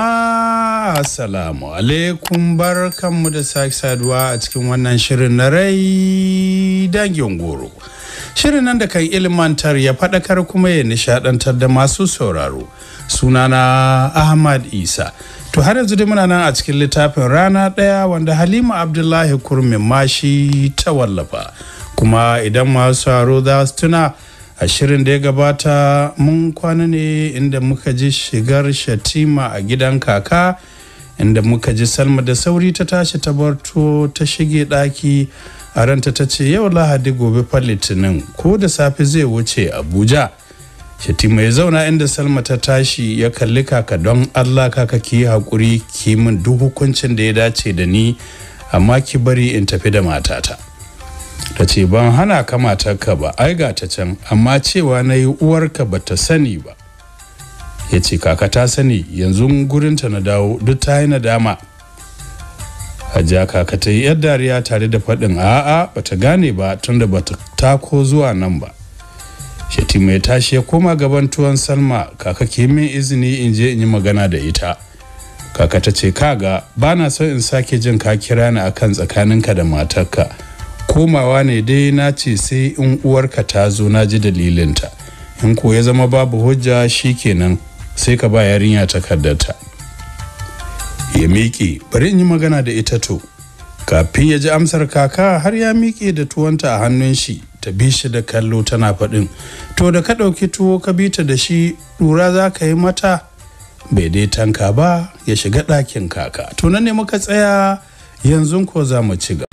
jama'a assalamu alaikum barkanmu da sake saduwa a cikin wannan shirin na rai dangin goro shirin nan da kan ilimantar ya faɗakar kuma ya nishadantar da masu sauraro sunana ahmad isa to har yanzu muna nan a cikin littafin rana ɗaya wanda halima abdullahi kurmin mashi ta wallafa kuma idan masu sauraro za su tuna a shirin da ya gabata mun kwana ne inda muka ji shigar shatima a gidan kaka inda muka ji salma da sauri ta tashi ta barto ta shige daki a ranta ta ce yau lahadi gobe fa litinin ko da safe zai wuce abuja shatima ya zauna inda salma ta tashi ya kalli kaka don allah kaka ki yi haƙuri ki min duk hukuncin da ya dace da ni amma ki bari in tafi da matata ta ce ban hana ka matarka ba ai ga ta can amma cewa na yi uwarka ba ta sani ba ya ce kaka ta sani yanzu gurinta na dawo duk ta yi nadama hajiya kaka ta yi yar dariya tare da faɗin a'a ba ta gane ba tunda ba ta tako zuwa nan ba shatima mai tashi ya koma gaban tuwon salma kaka ke min izini in je in yi magana da ita kaka ta ce kaga ba na so in sake jin ka kira ni akan tsakaninka da matarka komawa ne dai na ce sai in uwarka ta zo na ji dalilin ta in ko ya zama babu hujja shi kenan sai ka ba yarinya takardarta ya miƙe bari in yi magana da ita to kafin ya ji amsar kaka har ya miƙe da tuwonta a hannun shi ta bi shi da kallo tana faɗin to da ka ɗauki tuwo ka bi ta da shi ɗura za ka yi mata bai dai tanka ba ya shiga ɗakin kaka to nan ne muka tsaya yanzu ko za mu ci gaba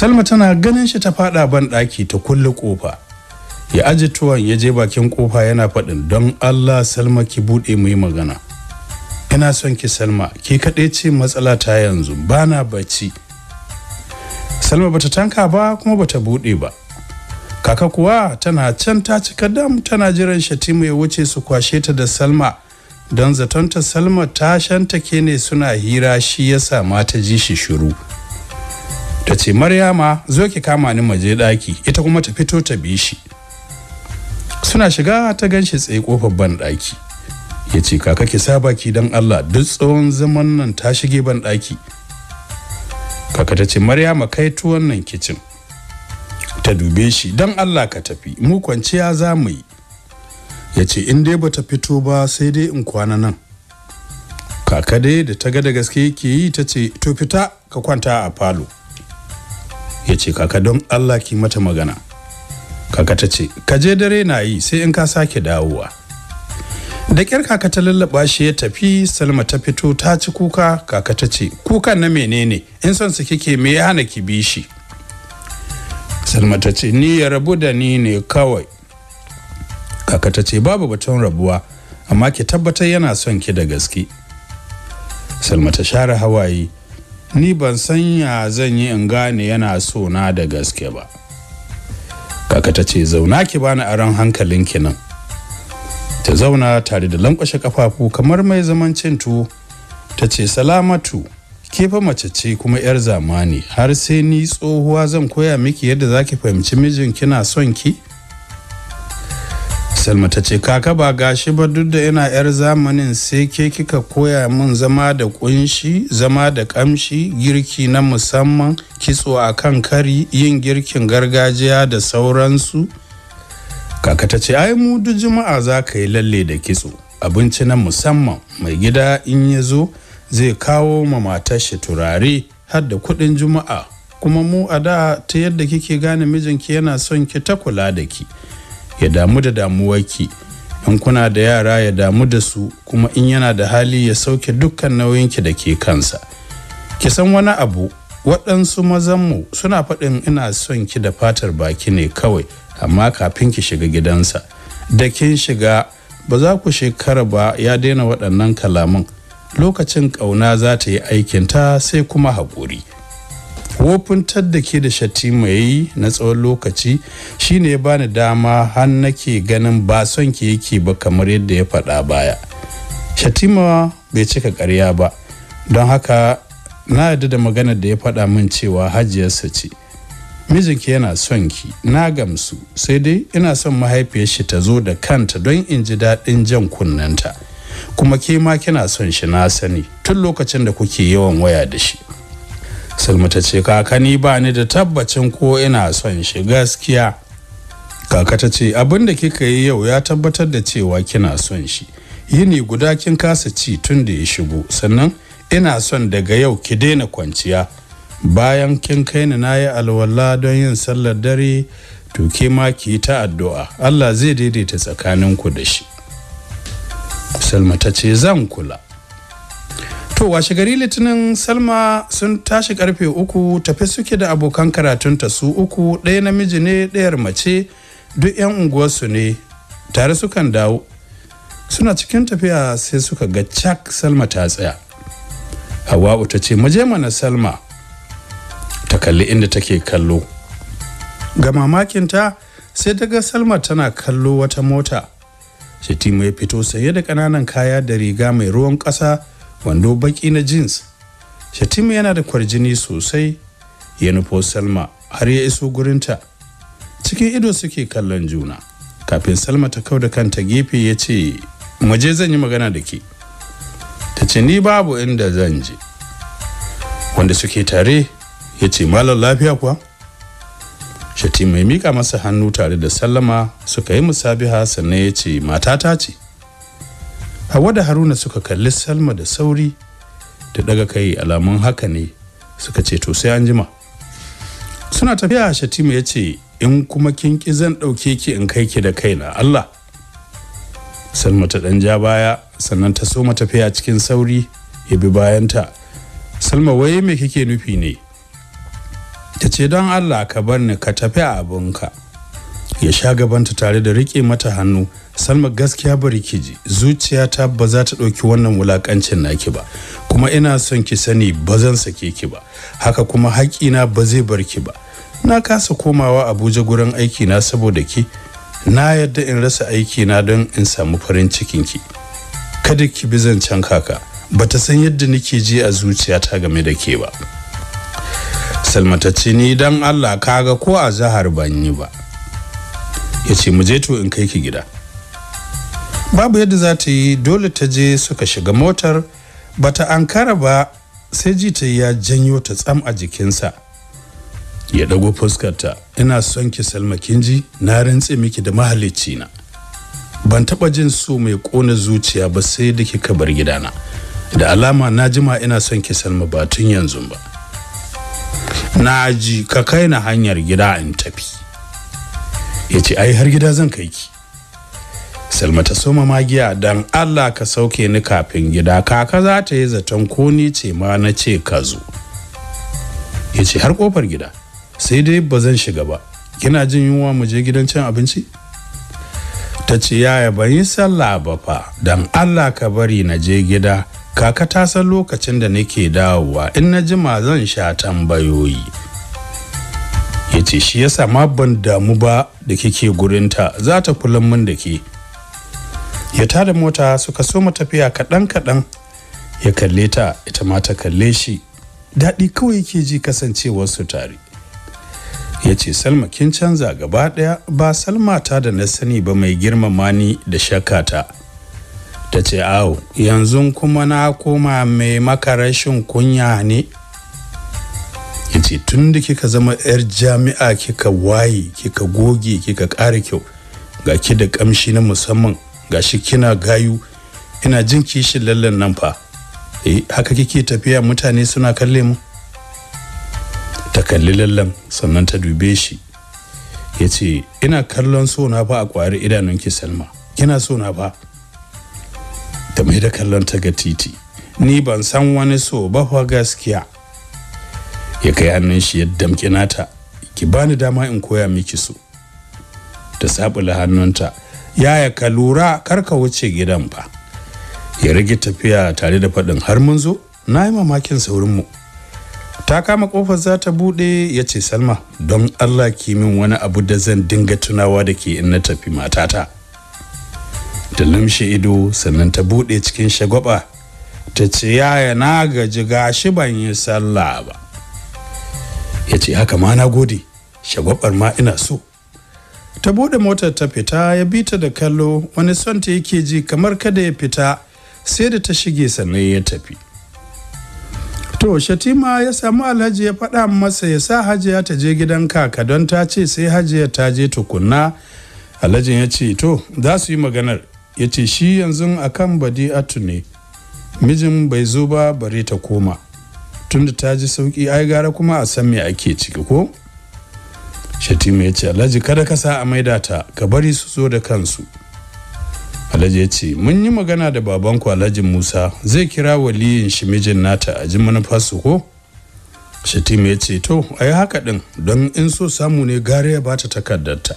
salma tana ganin shi ta fada ban daki ta kulle kofa ya aji tuwon ya je bakin kofa yana faɗin don allah salma ki buɗe mu yi magana ina son ki salma ki kaɗai ce matsala ta yanzu bana na bacci salma bata tanka ba kuma bata buɗe ba kaka kuwa tana can ta cika dam tana jiran shatimu ya wuce su kwashe ta da salma don zatonta salma ta shanta ke ne suna hira shi yasa mata ji shi shiru ta ce maryama zo ki kama ni maje daki ita kuma ta fito ta bi shi suna shiga ta ganshi tsaye kofar ban daki ya ce kaka ki saba ki dan allah duk tsawon zaman nan ta shige ban daki kaka ta ce maryama kai tuwon nan kicin ta dube shi dan allah ka tafi mu kwanciya za mu yi ya ce in dai ba ta fito ba sai dai in kwana nan kaka dai da ta ga da gaske yake yi ta ce to fita ka kwanta a falo ya ce kaka don allah ki mata magana kaka ta ce ka je dare na yi sai in ka sake dawowa da kyar kaka ta lallaba shi ya tafi salma ta fito ta ci kuka kaka ta ce kukan na menene in son su kike me ya hana ki bi shi salma ta ce ni ya rabu da ni ne kawai kaka ta ce babu batun rabuwa amma ki tabbatar yana son ki da gaske salma ta share hawaye ni ban sanya zan yi in gane yana so na da gaske ba kaka ta ce zauna ki bani aron hankalin ki nan ta zauna tare da lankwashe kafafu kamar mai zaman cin tuwo ta ce salamatu ke fa mace ce kuma yar zamani har sai ni tsohuwa zan koya miki yadda zaki fahimci mijin kina son ki salma ta ce kaka ba gashi ba duk da yana yar zamanin sai ke kika koya min zama da kunshi zama da kamshi girki na musamman kitso a kan kari yin girkin gargajiya da sauransu kaka ta ce ai mu duk juma'a za ka yi lalle da kitso abinci na musamman mai gida in ya zo zai kawo ma matar shi turare har da kuɗin juma'a kuma mu a da ta yadda kike gane mijinki yana son ki ta kula da ki ya damu da damuwarki in kuna da yara ya damu da su kuma in yana da hali ya sauke dukkan nauyinki da ke kansa ki san wani abu waɗansu mazanmu suna faɗin ina son ki da fatar baki ne kawai amma kafin ki shiga gidansa da kin shiga ba za ku shekara ba ya daina waɗannan kalaman lokacin ƙauna za ta yi aikinta sai kuma haƙuri. wofintar da ke da shatima yayi na tsawon lokaci shine ya bani dama har nake ganin ba son ki yake ba kamar yadda ya faɗa baya shatima bai cika karya ba don haka na yarda da magana da ya faɗa min cewa hajiyarsa ce mijinki yana son ki na gamsu sai dai ina son mahaifiyar shi ta zo da kanta don in ji daɗin jan kunnanta kuma ke ma kina son shi na sani tun lokacin da kuke yawan waya da shi salma ta ce kaka ba ni da tabbacin ko ina son shi gaskiya kaka ta ce abin da kika yi yau ya tabbatar da cewa kina son shi yini guda kin kasa ci tun da ya shigo sannan ina son daga yau ki daina kwanciya bayan kin kai ni na yi alwala don yin sallar dare to ke ma ki yi ta addu'a Allah zai daidaita tsakaninku da shi Salma ta ce zan kula to washe gari litinin salma sun tashi karfe uku tafi suke da abokan karatunta su uku ɗaya namiji ne ɗayar mace duk 'yan unguwarsu ne tare sukan dawo suna cikin tafiya sai suka ga cak salma ta tsaya hawa'u ta ce maje mana salma ta kalli inda take kallo ga mamakinta sai ta ga salma tana kallo wata mota shatima ya fito saye da ƙananan kaya da riga mai ruwan ƙasa wando baki na jeans shatima yana da kwarjini sosai ya nufo salma har ya iso gurinta cikin ido suke kallon juna kafin salma ta kau da kanta gefe ya ce "Maje zan yi magana da ke ta ce ni babu inda zan je wanda suke tare ya ce malar lafiya kuwa shatimu ya mika masa hannu tare da sallama suka yi musabiha sannan ya ce matata ce hawa da haruna suka kalli salma da sauri da daga kai alamun haka ne suka ce to sai an jima suna tafiya shatima ya ce in kuma kin ki zan ɗauke ki in kai ki da kaina allah salma ta ɗan ja baya sannan ta so tafiya cikin sauri ya bi bayan ta. salma wai me kike nufi ne ta ce don allah ka bar ni ka tafi abinka ya sha gabanta tare da rike mata hannu salma gaskiya bari ki ji zuciyata ba za ta ɗauki wannan wulakancin naki ba kuma ina son ki sani ba zan sake ki ba haka kuma haƙina ba zai bar ki ba na kasa komawa abuja gurin aiki na saboda ki na yadda in rasa aiki na don in samu farin cikin ki kada ki bi zancen kaka ba ta san yadda nake ji a zuciyata game da ke ba salma ta ce ni dan allah kaga ko a zahar ban ba ya ce mu je to in kai ki gida babu yadda za ta yi dole ta je suka shiga motar bata ankara ba sai ji ta ya janyo ta tsam a jikinsa ya dago fuskarta ina son ki salma kinji na rantse miki da mahalicci na ban taba jin so mai kona zuciya ba sai da kika bar gidana da alama na jima ina son ki salma ba tun yanzu ba na ji ka kai na hanyar gida in tafi ya ce ai har gida zan kai ki salma ta soma magiya dan allah ka sauke ni kafin gida kaka za ta yi zaton ko ni ce ma na ce ka zo ya ce har kofar gida sai dai ba zan shiga ba kina jin yunwa mu je gidan cin abinci ta ce yaya ban yi sallah ba fa dan allah ka bari na je gida kaka ta san lokacin da nake dawowa in na jima zan sha tambayoyi ya ce shi yasa ma ban damu ba da kike gurinta za ta kula min da ke ya tada mota suka so mu tafiya kaɗan kaɗan ya kalle ta ita ma ta kalle shi daɗi kawai yake ji kasancewar su tare ya ce salma kin canza gaba ɗaya ba salma ta da na sani ba mai girmama ni da shakata ta ce awo yanzu kuma na koma mai maka rashin kunya ne ce tun da kika zama 'yar jami'a kika waye kika goge kika ƙara kyau ga ki da ƙamshi na musamman ga shi kina gayu ina jin kishin lallan nan fa eh haka kike tafiya mutane suna kalle mu ta kalli lallan sannan ta dube shi ya ce ina kallon so na fa a ƙwari idanunki salma kina so na fa ta mai da kallon ta ga titi ni ban san wani so ba fa gaskiya ya kai hannun shi ya damke nata ki bani dama in koya miki su ta sabula hannunta yaya ka lura kar ka wuce gidan ba ya rage tafiya tare da faɗin har mun zo na yi mamakin saurinmu ta kama kofar za ta buɗe ya ce salma don allah ki min wani abu da zan dinga tunawa da ke in na tafi matata ta lumshe ido sannan ta buɗe cikin shagwaba ta ce yaya na gaji gashi ban yi sallah ba ya ce haka ma na gode shagwabar ma ina so ta bude motar ta fita ya bi ta da kallo wani son ta yake ji kamar kada ya fita sai da ta shige sannan ya tafi to shatima ya samu alhaji ya faɗa masa ya sa hajiya ta je gidan kaka don ta ce sai hajiya ta je tukunna alhajin ya ce to za su yi maganar ya ce shi yanzu akan badi'atu ne mijin bai zo ba bare ta koma tunda ta ji sauki ai gara kuma a san me ake ciki ko shatima ya ce alhaji kada ka sa a maida ta ka bari su zo da kansu alhaji ya ce mun yi magana da babanku alhaji musa zai kira waliyin shi mijin nata a ji manufarsu ko shatima ya ce to a yi haka ɗin don in so samu ne gara ya bata takardarta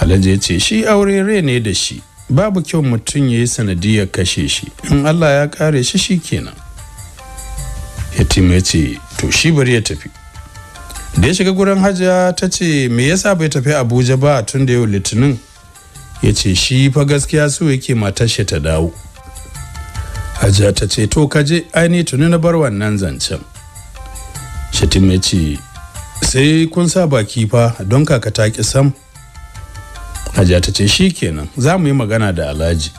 alhaji ya ce shi aure re ne da shi babu kyau mutum ya yi sanadiyar kashe shi in allah ya kare shi shi kenan yatima ya ce to shi bari ya tafi da ya shiga gurin hajiya ta ce me yasa bai tafi abuja ba tun da yau litinin ya ce shi fa gaskiya su yake matashi ta dawo hajiya ta ce to kaje aini tuni na bar wannan zancen shatima ya ce sai kun sa baki fa don kaka ta ki sam hajiya ta ce shi kenan za mu yi magana da alhaji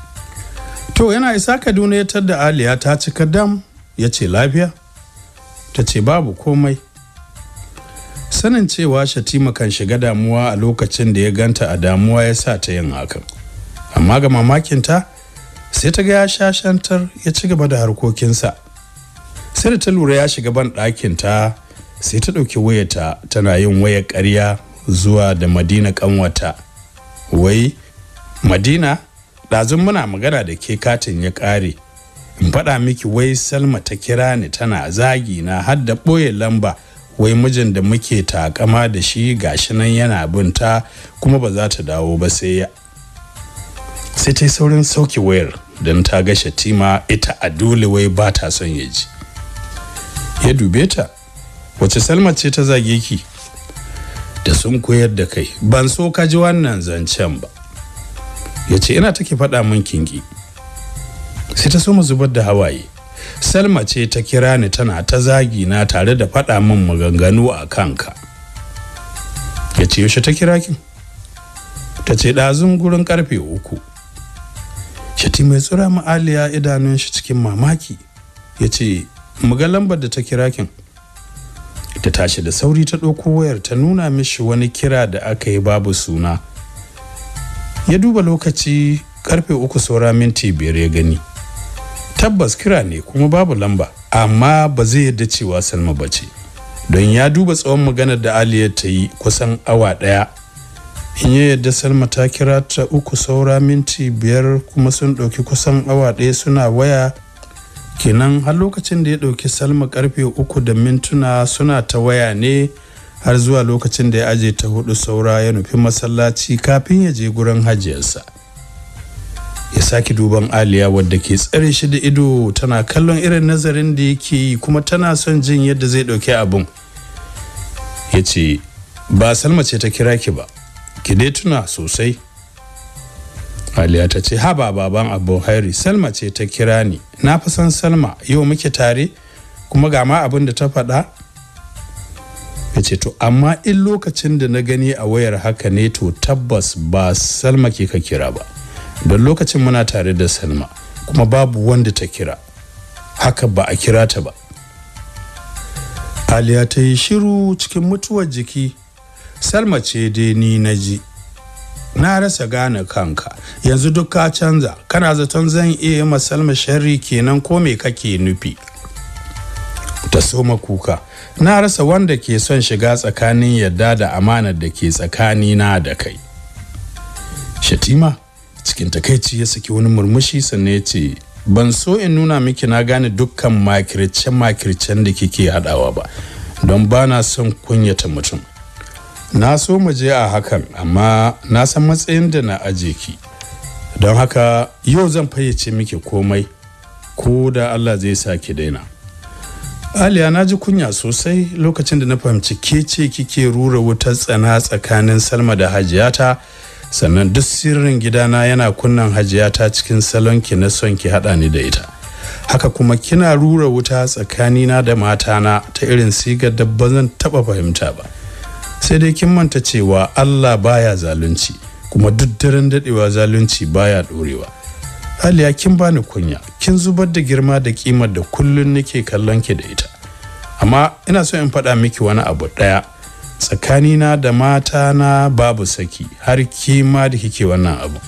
to yana isa kaduna ya da aliya ta cika dam ya ce lafiya ta ce babu komai sanin cewa shatima kan shiga damuwa a lokacin da ya ganta a damuwa ya sa ta yin hakan amma ga mamakinta sai ta ga ya shashantar ya ci gaba da harkokinsa sai da ta lura ya shiga ban ɗakinta sai ta ɗauki wayata tana yin waya ƙarya zuwa da madina ƙanwata wai madina ɗazun muna magana da ke katin ya ƙare in faɗa miki wai salma ta kira ni tana zagi na har da ɓoye lamba wai mijin da muke takama da shi gashi nan yana binta kuma ba za ta dawo ba sai ya sai ta yi saurin sauki wayar don ta ga shatima ita a dole wai ba ta son ya ji ya dube ta wace salma ce ta zage ki da sun koyar da kai ban so ka ji wannan zancen ba ya ce ina take faɗa min kinki sai ta so mu zubar da hawaye salma ce ta kira ni tana ta zagi na tare da faɗa min maganganu a kanka ya ce yaushe ta kira kin ta ce ɗazun gurin karfe uku shati mai tsura ma'aliya idanun shi cikin mamaki ya ce muga lambar da ta kira kin ta tashi da sauri ta ɗauko wayar ta nuna mishi wani kira da aka yi babu suna ya duba lokaci karfe uku saura minti biyar ya gani tabbas kira ne kuma babu lamba amma ba zai yadda cewa salma ba ce don ya duba tsawon maganar da aliya ta yi kusan awa daya. in ya yadda salma ta kira ta uku saura minti biyar kuma sun ɗauki kusan awa daya suna waya kenan har lokacin da ya ɗauki salma karfe uku da mintuna suna ta waya ne har zuwa lokacin da ya aje ta hudu saura ya nufi masallaci kafin ya je gurin hajiyarsa ya sake duban aliya wadda ke tsare shi da ido tana kallon irin nazarin da yake yi kuma tana son jin yadda zai ɗauki abun ya ce ba salma ce ta kira ki ba ki dai tuna sosai aliya ta ce haba baban abu hairi salma ce ta kira ni na fi san salma yau muke tare kuma ga ma abin da ta faɗa ya ce to amma in lokacin da na gani a wayar haka ne to tabbas ba salma ke ka kira ba don lokacin muna tare da salma kuma babu wanda ta kira haka ba a kira ta ba aliya ta yi shiru cikin mutuwar jiki salma ce dai ni na ji na rasa gane kanka yanzu duk ka canza kana zaton zan iya yi salma sharri kenan ko me kake nufi ta soma kuka na rasa wanda ke son shiga tsakanin yadda da amanar da ke tsakanina da kai shatima cikin takaici ya saki wani murmushi sannan ya ce ban so in nuna miki na gane dukkan makircen makircen da kike haɗawa ba don ba na son kunyata mutum na so mu je a hakan amma na san matsayin da na aje ki don haka yau zan fayyace miki komai ko da allah zai sa ki daina aliya na ji kunya sosai lokacin da na fahimci ke ce kike rura wutar tsana tsakanin salma da hajiyata sannan duk sirrin gidana yana kunnan hajiya ta cikin ki na son ki haɗa ni da ita haka kuma kina rura wuta tsakanina da matana ta irin sigar da ba zan taɓa fahimta ba sai dai kin manta cewa allah baya zalunci kuma duk daren daɗewa zalunci baya ɗorewa aliya kin bani kunya kin zubar da girma da kimar da kullun nake kallon ki da ita amma ina so in faɗa miki wani abu ɗaya tsakanina da mata na babu saki har kima da kike wannan abu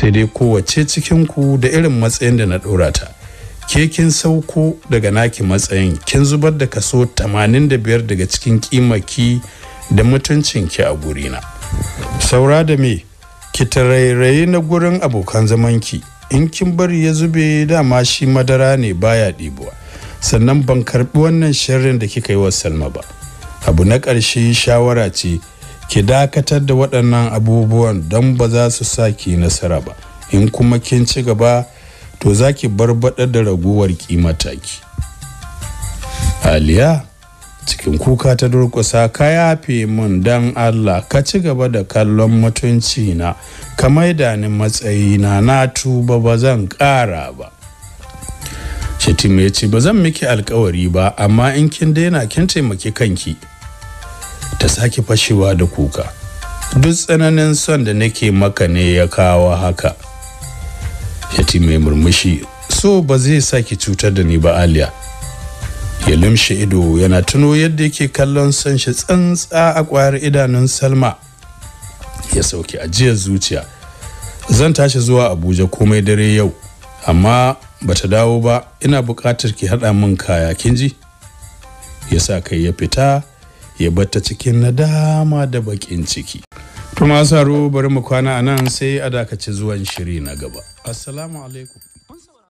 sai dai kowace cikinku da irin matsayin da na ɗora ta ke kin sauko daga naki matsayin kin zubar da kaso 85 daga cikin kimaki da mutuncin ki a gurina saura da me ki tarairaye na gurin abokan zamanki in kin bari ya zube dama shi madara ne baya ɗibuwa sannan ban karɓi wannan sharrin da kika yi wa salma ba abu na ƙarshe shawara ce ki dakatar da waɗannan abubuwan don ba za su sa ki nasara ba in kuma kin ci gaba to za ki barbaɗa da raguwar ki aliya cikin kuka ta durƙusa ka yafe mun don allah ka ci gaba da kallon mutunci na ka maida ni matsayina na tuba ba zan ƙara ba shatima ya ce ba zan miki alkawari ba amma in kin daina kin taimaki kanki ta sake fashewa da kuka duk tsananin son da nake maka ne ya kawo haka yati mai murmushi so ba zai sake cutar da ni ba aliya ya limshe ido yana tuno yadda yake kallon son shi tsantsa a kwayar idanun salma ya sauke ajiyar zuciya zan tashi zuwa abuja komai dare yau amma ba ta dawo ba ina buƙatar ki haɗa min kaya kin ji ya sa kai ya fita ya bata cikin nadama da bakin ciki to masu bari mu kwana a nan sai a dakaci zuwan shiri na gaba assalamu alaikum